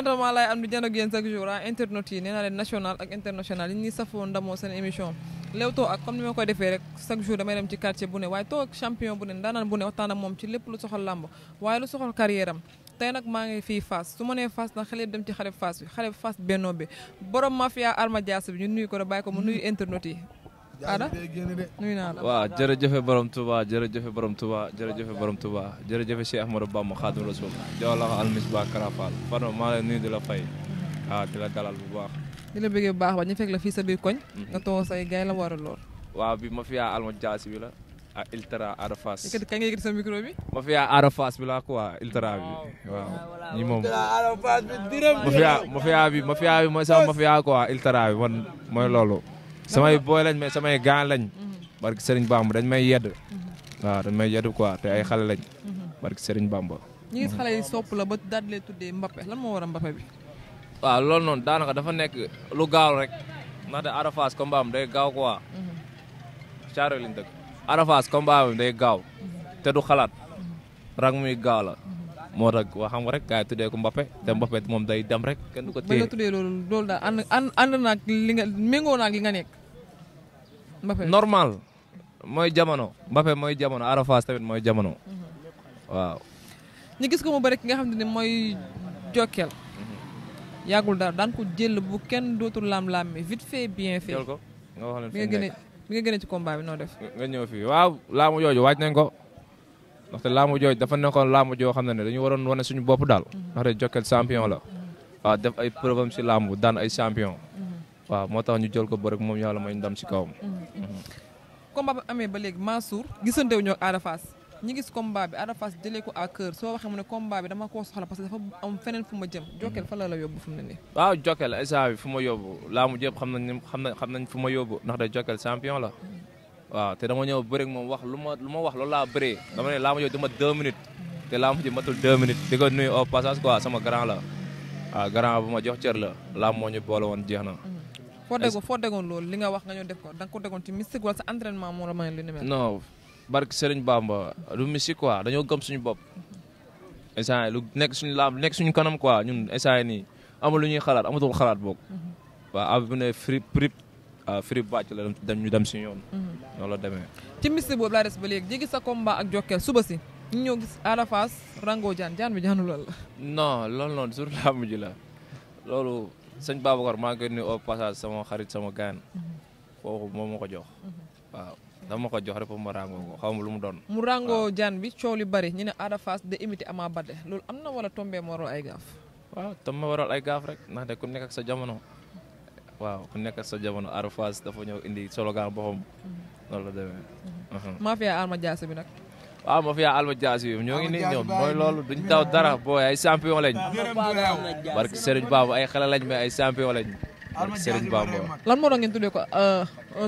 contentement laay am di jën ak yéen chaque jour ah internautes yi nee naa leen national ak international yi ñuy safoo ndamoo seen émission Leewtoo ak comme ni ma koy defee rek chaque jour damay dem ci quartier bu ne waaye toog champion bu ne ndaanaan bu ne waxtaan ak moom ci lépp lu soxal làmb waaye lu soxal carrière tey nag maa ngi fii Fass su ma nee Fass nag xale dem ci xale Fass bi xale Fass bennoo bi borom mafia arma dias bi ñu nuyu ko rek bàyyi yi Ada nuyu naa la waaw jërëjëfe borom Touba jërëjëfe borom Touba jërëjëfe borom Touba jërëjëfe Cheikh Ahmadou Bamba Khadim Rasoul jawlaxa almisba karafal fano maa la nuyu di la fay waaw di la dalal bu baax di la bëggee bu baax ba ñu fekk la fii sa biir koñ mhm. nga toog say gay la waral lool waaw bi ma fiyaa alma jaasi bi la ah Iltara Arafas. yëkkati kañ nga sa micro ma fi yaa Arafas bi la quoi bi ma fi yaa ma fi bi ma fi ma fi yaa quoi Iltara samay booy lañ mais samay gaan lañ barki Serigne Bamba dañ may yedd waaw dañ may yedd quoi te ay xale lañ barki Serigne Bamba ñu gis xale yi sopp la ba daal lee tuddee Mbappé lan moo waral Mbappé bi waaw loolu noonu daanaka dafa nekk lu gaaw rek ndaxte Arafas combat am day gaaw quoi caaro liñ dëkk Arafas combat day gaaw te du xalaat rak muy gaaw la moo tax waa xam nga rek gars yi tuddee ko Mbappé te Mbappé moom day dem rek kenn du ko téye ba nga tuddee loolu loolu daal ànd ànd ànd naag li nga méngoo naag li nga nekk Mbappé normal mooy jamono Mbappé mooy jamono Arafas tamit mooy jamono mhm. waaw ñu mooy Jokal mhm. yàggul ko jël def. nga ñëw fii waaw laamu jooju waaj nañ ndaxte laamu jooj dafa nekkoon laamu joo xam ne ne dañu waroon wane suñu bopp daal mhm. ndaxte Jokal champion la mhm. waaw def ay preuve am si laamu daan ay mhm. moo tax ñu jël ko bërëg moom yàlla may ndam si kawam combat bi amee ba léegi Mansour gisante ñoo Ada Fass ñi gis combat bi Ada Fass jëlee ko à cœur soo waxee ne combat bi dama koo soxla parce que dafa am feneen fu ma jëm Jokal la la yóbbu fu mu ne fu ma yóbbu laamu jëpp xam nañ xam fu ma yóbbu ndaxte Jokal champion la waaw te dama ñëw bëri moom wax lu ma lu ma wax loolu laa bëree dama ne laa minutes te laa ji matul deux minutes di ko nuyu au passage quoi sama grand la grand bu ma la laa moo ñu boole woon jeex na mm-hmm. foo déggoon foo déggoon loolu li nga wax nga ñoo def ko da nga ko déggoon ci mystique wala sa entraînement moo la may li ni mel non barke Sëriñ Bamba lu mystique quoi dañoo gëm suñu bop mm-hmm. instant lu nekk suñu laam nekk suñu kanam quoi ñun instant ni ama lu ñuy xalaat amatul xalaat boog mm-hmm. waaw ne free Euh, Free bàcc la dem ñu dem si ñoom. Mhm. noonu la demee. ci mystique boobu laa des ba léegi jéggi sa combat ak Jokkel suba si ñu ñëw gis Ada Fass rango jaan jaan bi jaanu lool la. non loolu noonu sur la mujj la loolu sëñ Babacar sama xarit sama mhm. ko jox. Mhm. ko jox rek pour ma rango ko xaw ma lu mu doon. mu rango jaan bi coow li bari ñu ne Ada Fass de imité Ama Baldé loolu am na wala tombé moo ay gaaf. waaw tombé waral ay gaaf rek ndaxte ku nekk ak sa jamono. waaw ku nekk sa jamono Ada Fass dafa ñëw indi slogan boppam mm-hmm. loolu la demee. Mm-hmm. Mm-hmm. mafia Alma bi nag. waaw mafia Alma Diassi ñoo ngi nii ñoom mooy loolu duñ daw dara booy ay champion lañ. barke Serigne Babou ay xale lañ mais ay champion lañ. barke Serigne Babou. lan moo doon ngeen tuddee ko euh,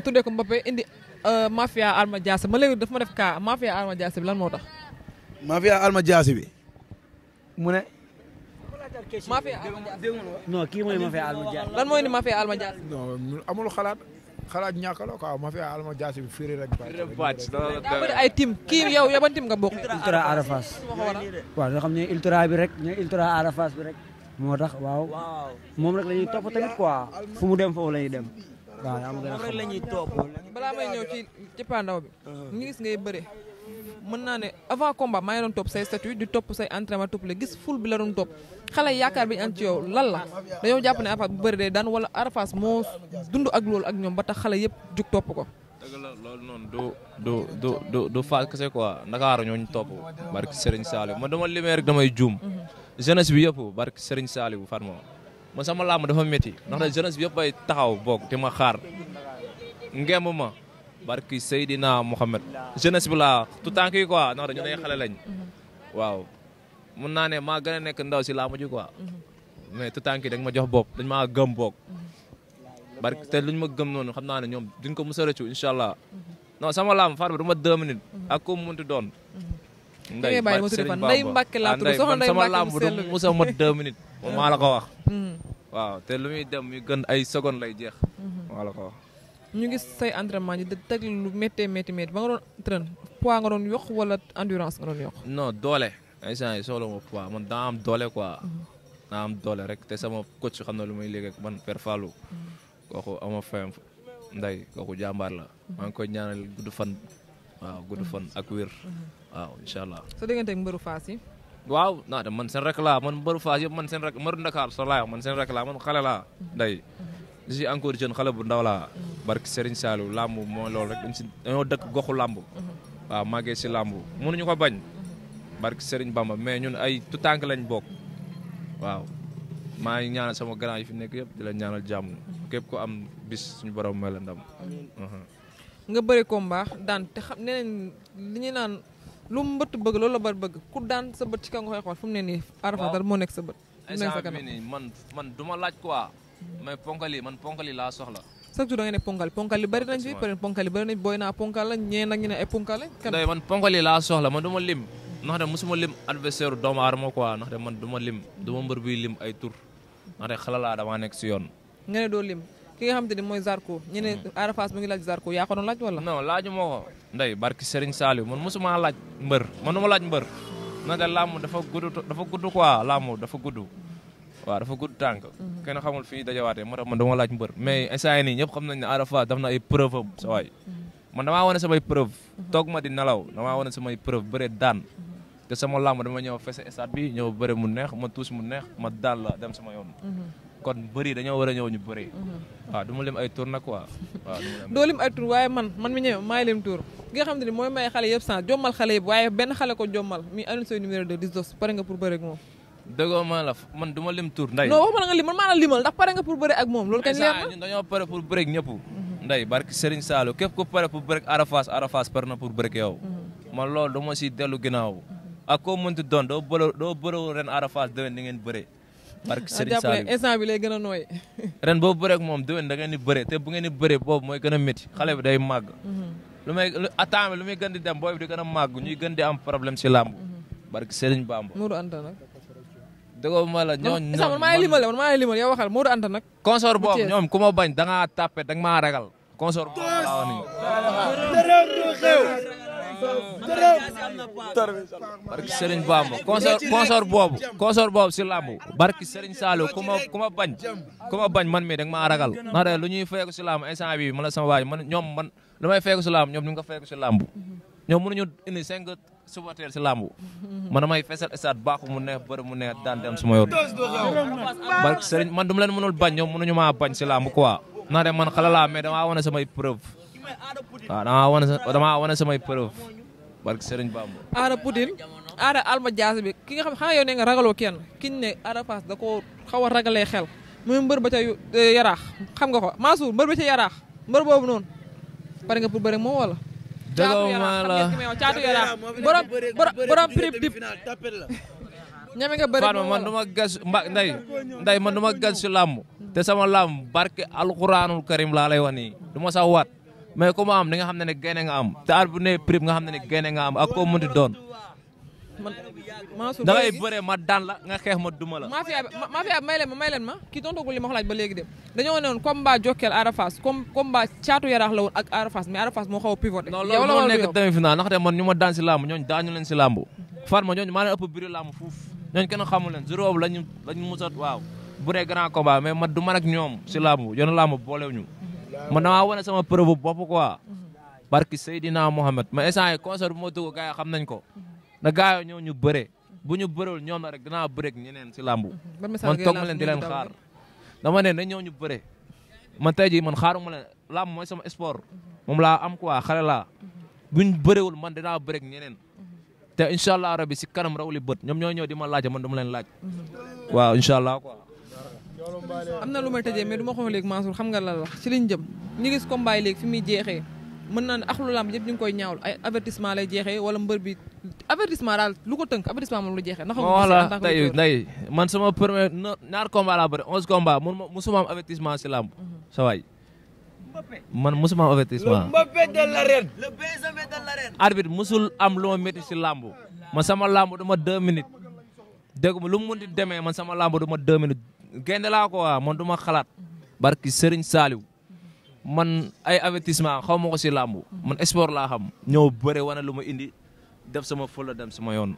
tuddee ko Mbappé indi euh, mafia Alma Diassi ma léegi daf ma def kaa mafia Alma bi lan moo tax. mafia Alma Diassi bi mafia non kii mooy mafia Alma Dia. lan mooy ni mafia Alma Dia. non amul xalaat xalaat ñàkk la quoi bi firi rek. bàcc daa bëri ay tim kii yow yaban tim nga bokk. ultra arafas bi rek ne ultra bi rek. moo tax waaw moom rek la ñuy topp tamit quoi fu mu dem foofu la ñuy dem. a xam moom balaa may ñëw ci ci pandaw bi. ñu gis ngay bëre. mën naa ne avant combat maa ngi doon topp say statut di topp say entraînement topp la gis ful bi la doon topp xale yaakaar bi ñu am ci lan la dañoo jàpp ne Arafas bu bari day daan wala Arafas moo dund ak loolu ak ñoom ba tax xale yëpp jug topp ko. loolu noonu du du du du du Fass kese quoi Ndakaaru ñooñu topp barki Serigne Saliou ma dama limee rek damay juum jeunesse bi yëpp barki Serigne Saliou Fatma ma sama làmb dafa métti ndax nag bi yëpp ay taxaw boog di ma xaar ngemb barki Seydina Mohamed jeunesse bi laa tout temps kii quoi non naa ne maa nekk ndaw si laa mujj quoi ma jox bopp dañ ma gëm boog barki te luñ ma gëm noonu xam naa ne ñoom duñ ko mos a rëccu incha allah non sama laam far bi du ma deux minutes ak doon ah, mm. te lu muy dem muy gën ay seconde lay jeex ñu ngi say entraînement di teg lu méttee métti métti ba nga doon entraîné poids nga doon yokk wala endurance nga doon yokk. non doole instant yi soxla ma poids man daa am doole quoi. Mhm. daa am lu muy liggéey ak man Père mhm. kooku ama la. Mhm. maa koy ñaanal gudd fan. ak wér. waaw incha allah. soo déggante ak mbëru Fass yi. man seen rek laa man mbëru Fass yëpp man xale laa nday je suis encore jeune xale bu ndaw laa. barke Serigne Saliou làmb mooy loolu rek dañ si dañoo dëkk goxu làmb. waaw màggee si làmb mënuñu ko bañ. barke Serigne Bamba mais ñun ay tu tànk lañ bokk. waaw maa ngi ñaanal sama grand yi fi nekk yëpp di la ñaanal jàmm. képp ku am bis suñu borom may la ndam. nga bëri combat daan te xam ne li ñu naan lu mu mbëtt bëgg loolu la bari bëgg ku daan sa bët ci kaw nga xool fu mu ne nii. waaw Arafat dal moo nekk sa bët. man man du ma laaj quoi. mais ponkal man ponkal yi laa soxla. chaque jour da ngeen ne ponkal ponkal yi bari nañ fi peut être bari nañ booy naa ponkal la ñee nag ñu ne ay ponkal la. kan man ponkal laa soxla man du ma lim. ndax de mosuma lim adversaire doomu aadama quoi ndax de man du ma lim du ma mbër buy lim ay tur xala laa damaa nekk si yoon. nga ne doo lim ki nga xamante ni mooy Zarko. ñu ne mm-hmm. Ada Fass mu ngi laaj Zarko yaa ko doon laaj wala. non laaju ma ko. ndey barki Serigne Saliou man mosuma laaj mbër man du ma laaj mbër. naka làmb dafa gudd dafa gudd quoi làmb dafa gudd waa dafa gudd tànk kenn xamul fii dajawaatee moo tax man dama laaj mbër mais instant yi nii ñëpp xam nañ ne Ada Fass daf na ay preuve am sa man damaa wane samay preuve toog ma di nelaw damaa wane samay preuve bëre daan te sama làmb dama ñëw fese stade bi ñëw bëre mu neex ma tuus mu neex ma daal la dem sama yoon kon bëri dañoo war a ñëw ñu bëri waaw du ma lim ay tour nag quoi waaw doo lim ay tour waaye man man mi ñëw maay lim tour gi nga xam te ni mooy may xale yëpp sans jommal xale dëggoo ma la man du ma lim tur nday non waxuma la nga lim man maa la limal ndax pare nga pour bëre ak moom loolu kañ leer na ñun pare pour bëre ak ñëpp nday barki Serigne Sallou képp ku pare pour bëre ak Arafas Arafas pare na pour bëre ak yow man loolu du si dellu ginnaaw ak koo doon doo bëre ren Arafas déwén di ngeen bëre barki ah, Serigne Sallou instant bi lay gën a nooy ren boo bëre ak moom déwén da ngeen di te bu ngeen di bëre boobu mooy gën a métti xale bi day màgg lu a dëggoo ma la ñooñu. ñooñu man maa ngi limal man maa ngi limal yow boobu ñoom ku ma bañ da ngaa dang da nga maa ragal. consort boobu laa wax boobu. consort boobu si làmb. barki Serigne Saliou ku ma ku ma bañ. ku ma bañ man mii da nga maa ragal. ndax lu ñuy feeku si làmb instant bii man la sama waay man ñoom man lu may feeku si làmb ñoom ñu ngi ko feeku supporter si làmb man damay fesal stade baaxu mu neex bëri mu neex daan dem su ma yor barke man du ma leen mënul bañ ñoom mënuñu maa bañ si làmb quoi naa dem man xala laa mais damaa wane samay preuve waaw damaa wane damaa wane samay preuve barke sëriñ Bamba Ada Poutine Ada Alma Diassé bi ki nga xam xanaa yow ne nga ragaloo kenn ki ne Ada Fass da ko a ragalee xel muy mbër ba ca eh, yaraax xam nga ko Mansour mbër ba ca yaraax mbër boobu noonu pare nga pour bëri moom wala dëgëw maa la caatu yaraax borom borom prip dip ñeme nga bëri Fatma man du ma gas mba nday nday man du ma gas si làmb te sama làmb barke alxuraanul karim laa lay wax nii du ma sax mais ku ma am di nga xam ne ne gaynde nga am te ar bu ne prip nga xam ne ne gaynde nga am ak koo mënti doon man Mansour da ma daan la nga xeex ma duma la. mafia bi mafia may leen ma may leen ma kii tontagul li ma ba léegi de dañoo ne woon combat Jokal Arafas comme combat caatu yaraax la woon ak Arafas mais Arafas moo xaw a pivoté. yow loolu moo nekk demi-finale ndaxte man ñu ma daan si làmb ñooñu daañu leen si làmb. Fatma ñooñu maa leen ëpp biri làmb fuuf ñooñu kenn xamul leen zéro boobu lañu lañu musat waaw bëree ak ñoom si làmb yoonu làmb boolewuñu man damaa wane sama preuve bopp quoi barki Seydina Mohamed ma instant yi concert bu ma xam nañ ko na gaayoo ñëw ñu bëre bu ñu bërewul ñoom na rek dinaa bëreeg ñeneen si làmbu man toog ma leen di leen xaar dama ne na ñëw ñu bëre man tey jii man xaaruma leen làmb mooy sama sport moom laa am quoi xale laa buñ bëriwul man dinaa bëreeg ñeneen te incha allah rabi si kanam raw li bët ñoom ñoo ñëw di ma laaj man dama leen laaj waaw incha allah quoi am na lu may tëjee mais du ma xoolee léegi Mansour xam nga la wax jëm ñu gis combat léegi fi muy jeexee mën naa ne axlu lamb yëpp ñu koy ñaawlu ay avertissement lay jeexee wala mbër bi avertissement daal lu ko tënk avertissement moom lu jeexee. ndax amul voilà tey man sama premier ñaar combat laa bëri onze combat mhm. man mosuma am si lamb sa man mosuma am avertissement. le Mbappé de l'arène. le Benjamin ma man sama lamb du ma deux minutes dégg ma lu mu munti demee man sama lamb du ma deux minutes gaynde laa ko waa man du ma xalaat mhm. barki Serigne Saliou. man ay avertissement xaw ma ko si làmb man sport laa xam ñëw bëre wane lu ma indi def sama fulla dem sama yoon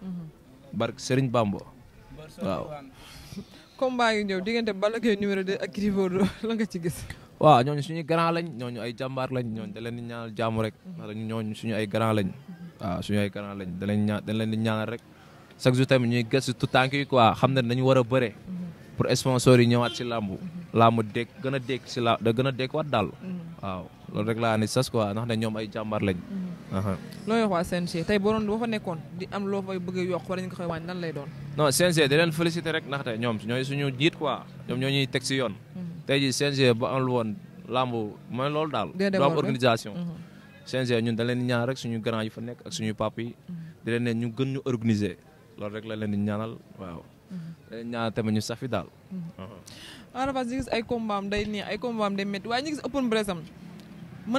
barke Serigne Bamba waaw combat yi ñëw diggante Balla Gaye numéro 2 ak Gris Bordeaux la nga ci gis waaw ñooñu suñu grand lañ ñooñu ay jàmbaar lañ ñooñu da leen di ñaanal jaamu rek ndax ñooñu suñu ay grand lañ waaw suñu ay grand lañ da leen leen di ñaanal rek chaque jour tamit ñuy gëstu tout tànk yi quoi xam ne dañu war a bëre pour sponsor yi ñëwaat si lamb làmb dégg gën a dégg si la da gën a dégg daal waaw loolu rek laa ni sas quoi ndax ne ñoom ay jàmbaar lañ. Mm-hmm. looy wax waa CNG tey boo doon boo fa nekkoon di am loo fay bëgg a yokk wala ñu ko koy wàññi nan lay doon. non CNG di leen féliciter rek ndaxte ñoom ñooy suñu jiit quoi ñoom ñoo ñuy teg si yoon. Mm-hmm. tey jii CNG ba amul woon làmb mooy loolu daal. du organisation. Mm-hmm. CNG ñun da leen rek suñu grand yi fa nekk ak suñu pap yi. di ñu gën ñu organiser loolu rek la ñaanal waaw. Eh, ñaar tamit ñu safi daal. Ada ñu gis ay combat am day nii ay combat am day métti waaye ñu gis open press am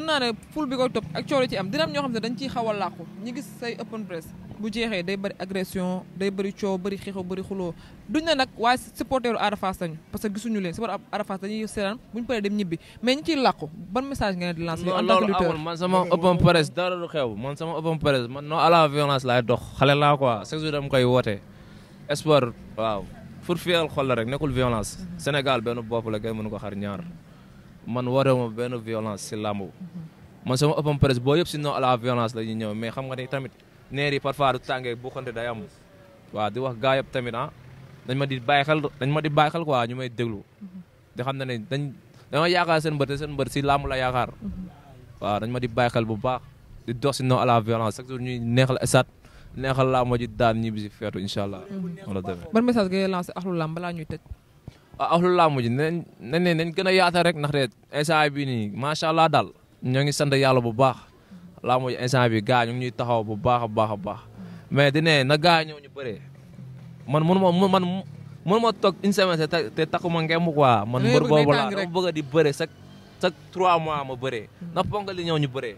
naa ne ful bi koy topp ak coono ci am dina am ñoo xam ne dañ ciy xaw a làqu ñu gis say open press bu jeexee day bëri agression day bëri coow bëri xeexoo bari xuloo duñ ne nag waaye supporteru Ada Fass lañu parce que gisuñu leen supporteru Ada Fass dañuy seetaan buñ paree dem ñibbi mais ñi ciy làqu ban message nga ne di lancer. en tant que lutteur man sama open press la xale laa quoi chaque jour koy woote. espoir waaw pour fiyal xol la rek nekkul violence Sénégal benn bopp la kay mënu ko xar ñaar man warewuma benn violence si làmb man sama open presse boo yëpp sinon à la violence la ñuy ñëw mais xam nga ni tamit neer yi parfois du tàngee bu xonte day di wax gaa yëpp tamit ah dañ ma di bàyyi dañ ma di bàyyi xel ñu may déglu di xam ne ne dañ dañoo yaakaar seen mbër te seen mbër si làmb la yaakaar waaw dañ ma di bàyyi bu baax di dox sinon à la violence chaque jour ñuy neexal esat neexal laa ma ji daan ñibbi si feetu incha allah. wala mm-hmm. demee ban message ngay lancé axlu làmb balaa ñuy tëj. ah axlu làmb ji nañ ne bii nii macha allah daal. ñoo ngi sant yàlla bu baax. làmb ji instant bi gaa ñu ngi ñuy taxaw bu baax baax a baax. mais di ne na gaa ñëw ñu bëree. man mënuma man mënuma toog une semaine te takkuma ngemb quoi. man mbër boobu laa dama bëgg di bëree chaque chaque trois mois ma bëree. na ponk li ñëw ñu bëree.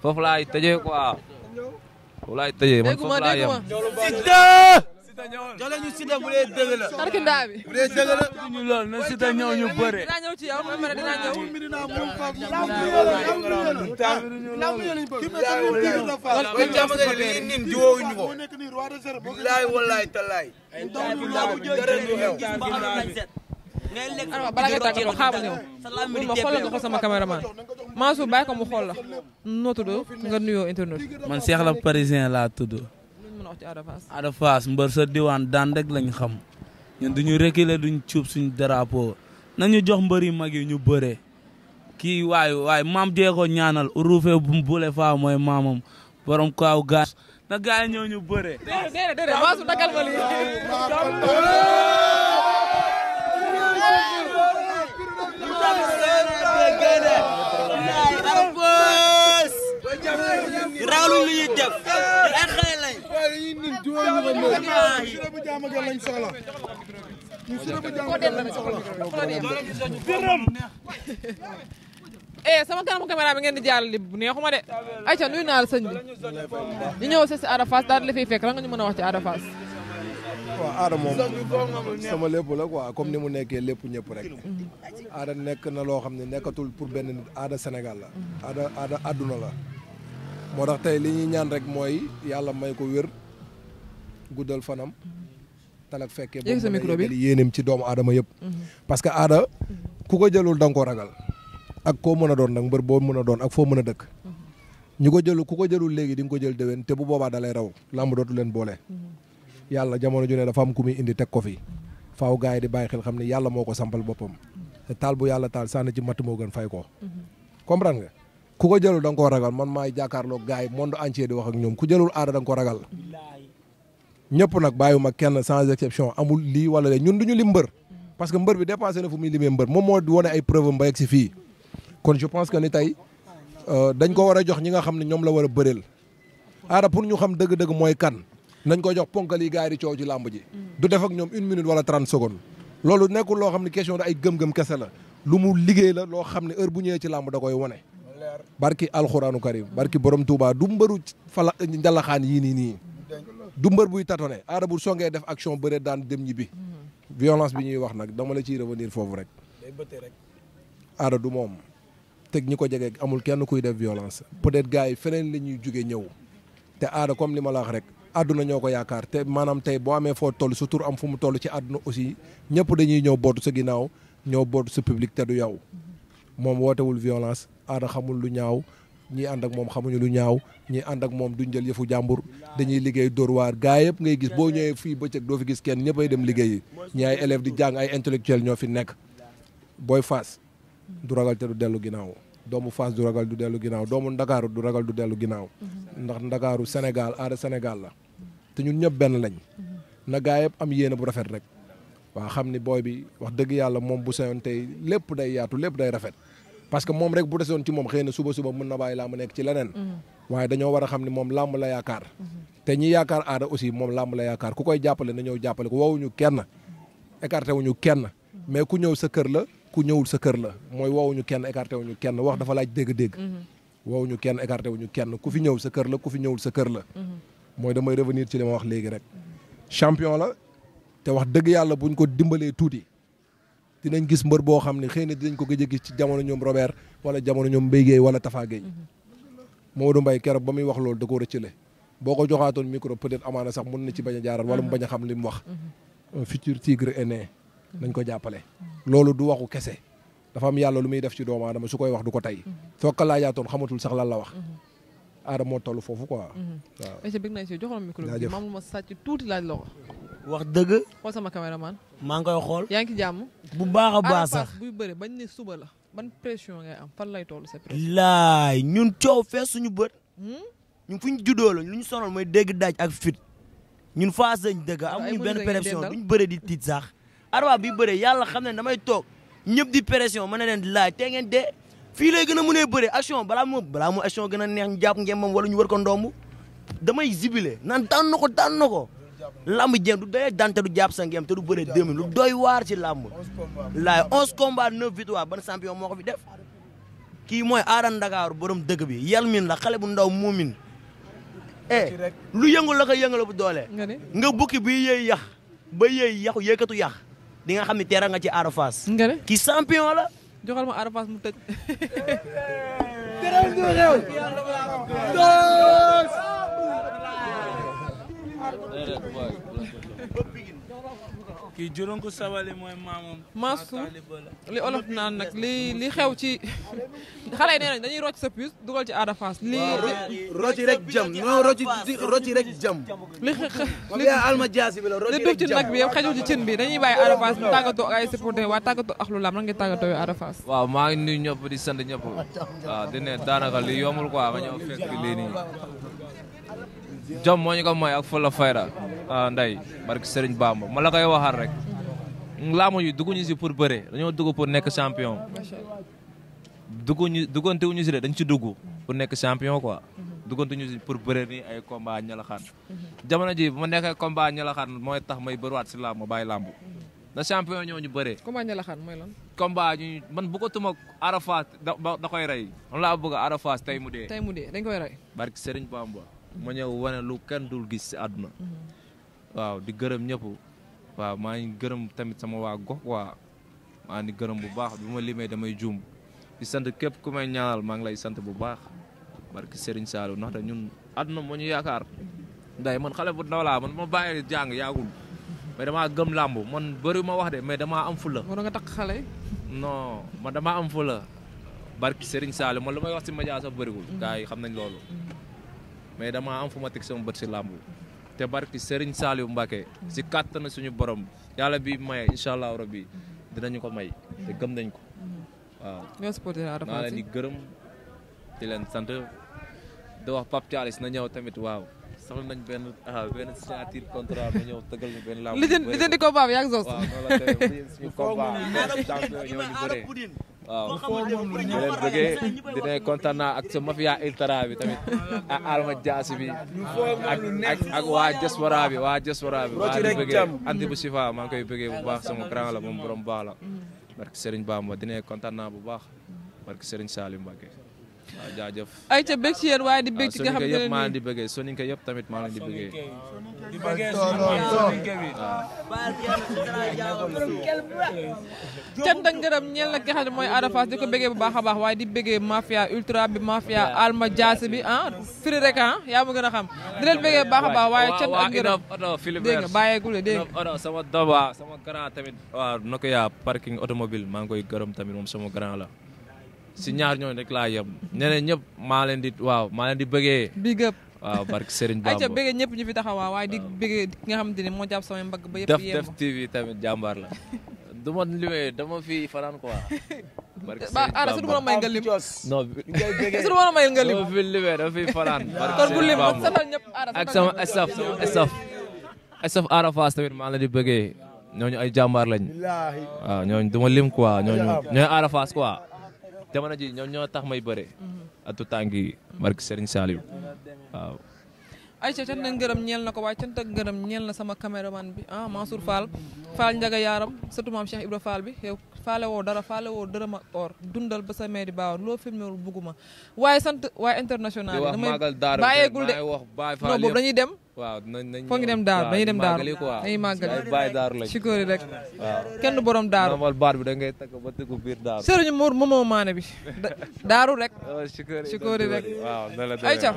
foofu laay loolu laay tëjee man foofu laa yem Siteu jëlee ñu Siteu bu dee dëgg la. tarkindaa bi bu dee dëgg la. ñu waaw ma xoolal nga ko sama caméraman man Cheikh la parisien laa tudd. Ada Fass mbër sa diwaan daan rek lañ xam. ñun duñu reculer duñ cuub suñu drapeau. nañu jox mbër yu mag yi ñu bëre. kii waay waay maam jee ko ñaanal ruufe bule faa mooy maamam borom kaaw gaas. na gaa yi bëre. déedéet déedéet Mansour dagal ma lii. ralu li ñuy def ay xale lañ lañ soxla bi ngeen di jàll li neexuma de ayca nuyu naa la sëñ bi ñu ñëw sa si Ada Fass daal mën a wax waaw aada moom sama lépp la quoi comme ni mu nekkee lépp ñëpp rek aada nekk na loo xam ne nekkatul pour benn nit aada Sénégal la aada aada àdduna la moo tax tey li ñuy ñaan rek mooy yàlla may ko wér guddal fanam talak fekkee boobu yéeneem ci doomu aadama yëpp parce que aada ku ko jëlul da nga koo ragal ak koo mën a doon nag mbër boo mën a doon ak foo mën a dëkk ñu ko jëlu ku ko jëlul léegi di nga ko jël déwén te bu boobaa dalay raw làmb dootu leen boole yàlla jamono ju ne dafa am ku indi teg ko fi faaw gars yi di bàyyi xel xam ne yàlla moo ko sampal boppam te taal bu yàlla taal sànni ci matt moo gën fay ko comprendre nga ku ko jëlul da nga koo ragal man maay jàkkaarloo gars yi monde entier di wax ak ñoom ku jëlul aada da nga ko ragal ñëpp nag ma kenn sans exception amul lii wala lee ñun du ñu lim mbër parce que mbër bi dépassé na fu muy limee mbër moom moo wone ay preuve ba yegg fii kon je pense que ni tey euh, dañ ko war a jox ñi nga xam ne ñoom la war a bëreel aada pour ñu xam dëgg-dëgg mooy kan nañ ko jox ponkal yi gars yi di coow ci làmb ji du def ak ñoom une minute wala trente secondes loolu nekkul loo xam ne question de ay gëm-gëm kese la lu mu liggéey la loo xam ne heure bu ñëwee ci làmb da koy wane barki alxuraanu karim barki borom Touba du mbëru fala njalaxaan yii nii nii du mbër buy tatone aada bu songee def action bëre daan dem ñibbi violence bi ñuy wax nag dama la ci revenir foofu rek aada du moom teg ñi ko jege amul kenn kuy def violence peut-être gars yi feneen la ñuy jóge ñëw te aada comme li ma la rek àdduna ñoo ko yaakaar te maanaam tey boo amee foo toll sa am fu mu toll ci àdduna aussi ñëpp dañuy ñëw bootu sa ginnaaw ñëw bootu sa public te du yow moom wootewul violence aada xamul lu ñaaw ñii ànd ak moom xamuñu lu ñaaw ñii ànd ak moom duñ jël yëfu jàmbur dañuy liggéey dóor waar gaa yëpp ngay gis boo ñëwee fii bëccëg doo fi gis kenn ñëppay dem liggéeyi ñi ay élève di jàng ay intellectuel ñoo fi nekk booy Fass du ragal te du dellu ginnaaw doomu Fass du ragal du dellu ginnaaw doomu Ndakaaru du ragal du dellu ginnaaw ndax Ndakaaru Sénégal aada Sénégal te ñun ñëpp benn lañ na gaa yëpp am yéene bu rafet rek waaw xam ni booy bi wax dëgg yàlla moom bu sayoon tey lépp day yaatu lépp day rafet parce que moom rek bu desoon ci moom xëy na suba suba mën na bàyyi làmb nekk ci leneen mm-hmm. waaye dañoo war a xam ne moom làmb la yaakaar mm-hmm. te ñi yaakaar aada aussi moom làmb la yaakaar ku koy jàppale na ñëw jàppale ko woowuñu kenn écarté wuñu kenn mm-hmm. mais ku ñëw sa kër la ku ñëwul sa kër la mooy woowuñu kenn écarté wuñu kenn wax dafa laaj dégg-dégg woowuñu kenn écarté wuñu kenn ku fi ñëw sa kër la ku fi ñëwul sa kër la mooy damay revenir ci li ma wax léegi rek champion la te wax dëgg yàlla buñ ko dimbalee tuuti dinañ gis mbër boo xam ne xëy na dinañ ko gëj a gis ci jamono ñoom Robert wala jamono ñoom Mbaye Guèye wala Tafa Guèye Maodo Mbaye keroog ba muy wax loolu da ko rëccale boo ko joxaatoon micro peut-être amaana sax mun na ci bañ a jaaral wala mu bañ a xam li mu wax mhm. un futur tigre est né nañ ko jàppale loolu du waxu kese dafa am yàlla lu muy def ci doomu aadama su koy wax du ko tey soo mhm. laajaatoon xamatul sax la wax mhm. aada moo toll foofu quoi. Mhm. waaw monsieur bëgg nañ si joxoon micro bi maam ma sàcc tuuti laaj la ko. wax dëgg. xool sama caméraman. maa ngi koy xool. yaa bu baax a baax sax buy bëri la ban pression ngay am fan lay sa fees suñu bët. Hmm? fu ñu juddoo la lu ñu sonal mooy dégg daaj ak fit ñun faas lañ dëgg amuñu benn pression duñ bëre di tiit sax. arwa bi bëre yàlla xam ne damay toog ñëpp di pression mën na leen laaj dee. fii lay gën a mënee bëre action balaa mu balaa mu action gën a neex ñu jàpp ngembam wala ñu wër ko ndomb damay zibilé naan daan na ko daan na ko làmb jéem du doyee daan te du jàpp sa ngem te du bëre deux minutes lu doy waar ci làmb laay onze combat neuf victoire ban champion moo ko fi def kii mooy aara Ndakaaru borom dëkk bi yal min la xale bu ndaw muumin eh lu yëngu la ko yëngala bu doole nga bukki bi yëy ba yëy yaxu yëkkatu yax di nga xam ne teera nga ci aara Fass kii champion la joxal ma arafas mu tëj. jërëjëf réew. dos. kii juróom ko sabali mooy maamam. li olof naan li xew ci xale yi nee nañ dañuy rocc sa dugal ci Ada rek jëm non li li rek jëm li dugg ci cin bi dañuy bàyyi Ada mu tàggatoo ak lu lam lan nga tàggatoo ak Ada maa ngi nuyu di sant ñëpp waaw di ne daanaka li yombul quoi nga ñëw fekk lii nii. jom moo ñu ko may ak fula fayda ah, nday barki Serigne Bamba ma la koy rek. laamu yi dugg ñu si pour bëre dañoo dugg pour nekk champion. dugguñu duggante wuñu si de dañ ci dugg pour nekk champion quoi duggante ñu si pour bëre ni ay combat ñalaxaan jamono ji bu ma nekkee combat ñalaxaan mooy tax may bëriwaat si làmb bàyyi làmb na champion ñoo ñu bëree. combat ñalaxaan mooy lan. combat ñu man bëggatuma Arafat da da koy rey. laa bëgg Arafat tey mu dee. tey mu dee dañ koy rey. barki Serigne Bamba. ma ñëw wane lu kenn dul gis si àdduna. waaw di gërëm ñëpp. waaw maa ngi gërëm tamit sama waa gox waa maa ngi gërëm bu baax bi ma limee damay juum. di sant képp ku may ñaanal maa ngi lay sant bu baax barki Serigne Saliou ndaxte ñun àdduna moo ñu yaakaar nday man xale bu ndaw laa man ma bàyyi jàng yaagul mais damaa gëm làmb man bëri ma wax de mais damaa am fula. moo nga takk xale. non man damaa am fula barki Serigne Saliou man lu may wax si média sax bëriwul. gars yi xam nañ loolu. mais damaa am fu ma teg sama bët si làmb te barki Serigne Saliou Mbacke si kàttan suñu borom yàlla bi maye incha allah rabbi dinañu ko may te gëm nañ ko. waaw ñoo supporté Ada Fass maa leen di gërëm di leen sant di wax Pape Thialis na ñëw tamit waaw soxla nañ benn ah, benn signature contrat ma ñëw tëggal ñu benn laaw. li jënd li jënd combat bi yaa ngi sos. waaw noonu la tey suñu combat ñëw ñu bëree. waaw di leen bëggee dina kontaan naa ak sa mafia ultra bi tamit ak alma jaasi bi ak ak ak waa diaspora bi waa diaspora bi waa di bëggee anti bu sifa maa ngi koy bëggee bu baax sama grand la moom borom baax la barke Serigne Bamba dinañ kontaan naa bu baax barke Serigne Salim Mbacké waaw jaajëf ayca bëgg ci yéen waaye di bëgg ci nga xam ne yëpp maa di bëggee soninke yëpp tamit maa leen di bëggee di bëggee soninke ak ngërëm ñeel la ki mooy Ada di ko bëggee bu baax a baax waaye di bëggee mafia ultra bi mafia alma jaas bi ah firi rek ah yaa ma gën a xam di bëggee baax a baax waaye cant ak ngërëm dégg nga bàyyeegule sama doba sama grand tamit waaw na ko yaa parking automobile maa ngi koy gërëm tamit moom sama grand la si ñaar ñooñu rek laa yem ñeneen ñëpp maa leen di waaw maa leen di bëggee. big up waaw barke Serigne Bamba. ayca bëggee ñëpp ñu fi taxawaa waaye di bëggee ki nga xamante ne moo jàpp samay mbagg ba yëpp def def TV tamit jàmbaar la. du ma limee dama fi fanaan quoi. barke ah, Serigne Bamba ah, su du ma may nga lim. non su du ma may nga lim. dama fi limee dama fi fanaan. Ah, barke Serigne Bamba kon bu lim sanal ñëpp ak sama staff sama staff. staff Ada Fass tamit maa la di bëggee ñooñu ay jàmbaar lañ. waaw ñooñu du ma lim quoi ñooñu ñooy Ada Fass quoi. jamono ji ñoom a tax may bëre. Mm-hmm. atu tànk yi. barke Serigne Saliou waaw. Aïcha cant nañ gërëm ñeel na ko waaye cant ak gërëm ñeel na sama caméraman bi ah Mansour Fall Fall Njaga Yaaram surtout maam Cheikh Ibra Fall bi yow faale woo dara faale woo dërëm ak or dundal ba sa meeri baaw loo filmé wul bugguma waaye sant waaye international. damay bàyyeegul de non boobu dañuy dem. waaw nañ nañ foog ñu dem daaru dañuy dem daaru dañuy màggali bàyyi daaru lañ sikóori rek waaw kenn borom daaru normal baat bi da ngay takk ba tëggu biir daaru sëriñ Mour moomoo maane bi daaru rek sikóori oh, rek waaw ay ca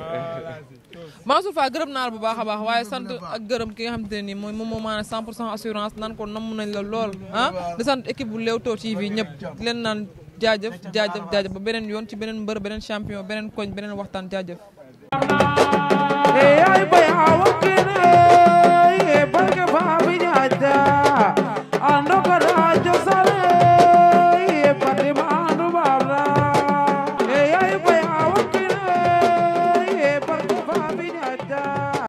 Mansour Fall gërëm naa la bu baax a baax waaye sant ak gërëm ki nga xamante ne nii mooy moomoo maane 100 assurance nan ko namm nañ la lool ah di sant équipe bu Leewtoo TV ñëpp leen naan jaajëf jaajëf jaajëf ba beneen yoon ci beneen bër beneen champion beneen koñ beneen waxtaan jaajëf